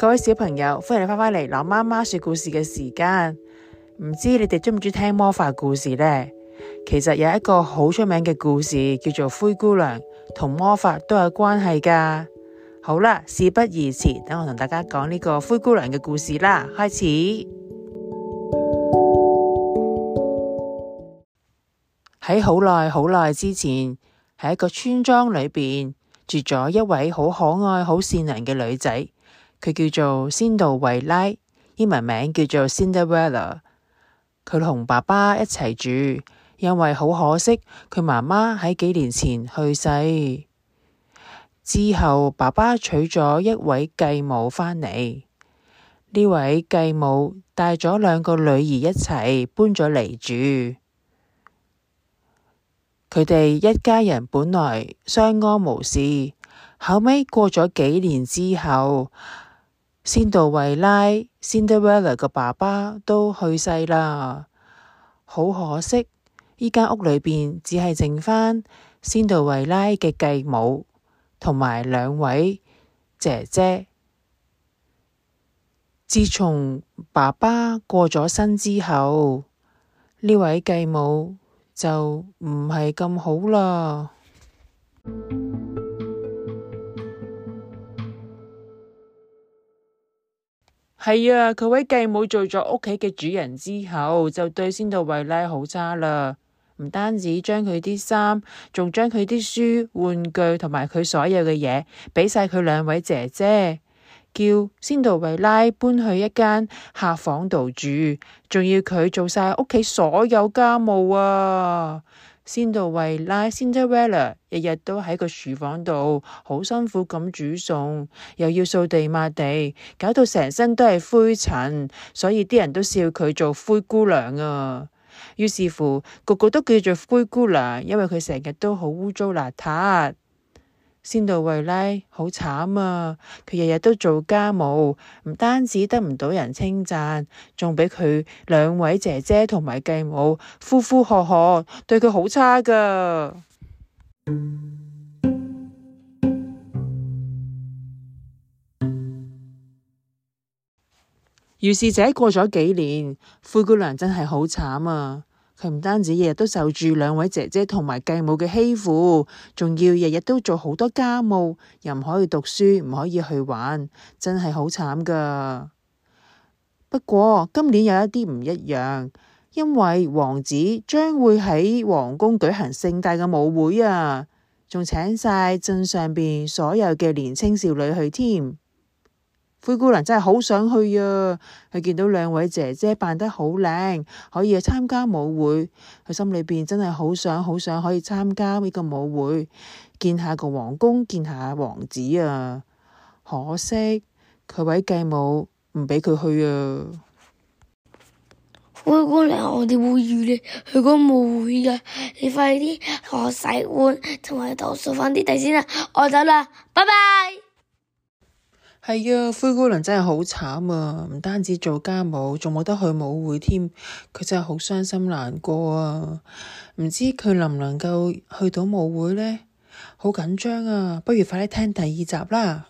各位小朋友，歡迎你返返嚟，攞媽媽說故事嘅時間。唔知你哋鍾唔鍾意聽魔法故事呢？其實有一個好出名嘅故事叫做《灰姑娘》，同魔法都有關係㗎。好啦，事不宜遲，等我同大家講呢個灰姑娘嘅故事啦。開始！喺好耐好耐之前，喺一個村莊裏邊住咗一位好可愛、好善良嘅女仔。佢叫做仙度維拉，英文名叫做 Cinderella。佢同爸爸一齊住，因為好可惜，佢媽媽喺幾年前去世之後，爸爸娶咗一位繼母返嚟。呢位繼母帶咗兩個女兒一齊搬咗嚟住。佢哋一家人本來相安無事，後尾過咗幾年之後。先到維拉，先到維拉個爸爸都去世啦，好可惜。呢間屋裏邊只係剩返先到維拉嘅繼母同埋兩位姐姐。自從爸爸過咗身之後，呢位繼母就唔係咁好啦。係啊，佢位繼母做咗屋企嘅主人之後，就對仙度維拉好差啦。唔單止將佢啲衫，仲將佢啲書、玩具同埋佢所有嘅嘢，俾晒佢兩位姐姐，叫仙度維拉搬去一間客房度住，仲要佢做晒屋企所有家務啊！仙到維拉，仙得維拉，日日都喺個廚房度，好辛苦咁煮餸，又要掃地抹地，搞到成身都係灰塵，所以啲人都笑佢做灰姑娘啊。於是乎，個個都叫做灰姑娘，因為佢成日都好污糟邋遢。仙度瑞拉好慘啊！佢日日都做家務，唔單止得唔到人稱讚，仲畀佢兩位姐姐同埋繼母呼呼喝喝，對佢好差㗎。於是者過咗幾年，灰姑娘真係好慘啊！佢唔單止日日都受住兩位姐姐同埋繼母嘅欺負，仲要日日都做好多家務，又唔可以讀書，唔可以去玩，真係好慘㗎。不過今年有一啲唔一樣，因為王子將會喺皇宮舉行盛大嘅舞會啊，仲請晒鎮上邊所有嘅年輕少女去添。灰姑娘真係好想去啊！佢見到兩位姐姐扮得好靚，可以參加舞會，佢心裏邊真係好想好想可以參加呢個舞會，見下個王宮，見下王子啊！可惜佢位繼母唔畀佢去啊！灰姑娘，我哋會遇你去嗰個舞會噶，你快啲同我洗碗同埋打掃翻啲地先啦，我走啦，拜拜。係啊、哎，灰姑娘真係好慘啊！唔單止做家務，仲冇得去舞會添，佢真係好傷心難過啊！唔知佢能唔能夠去到舞會咧？好緊張啊！不如快啲聽第二集啦！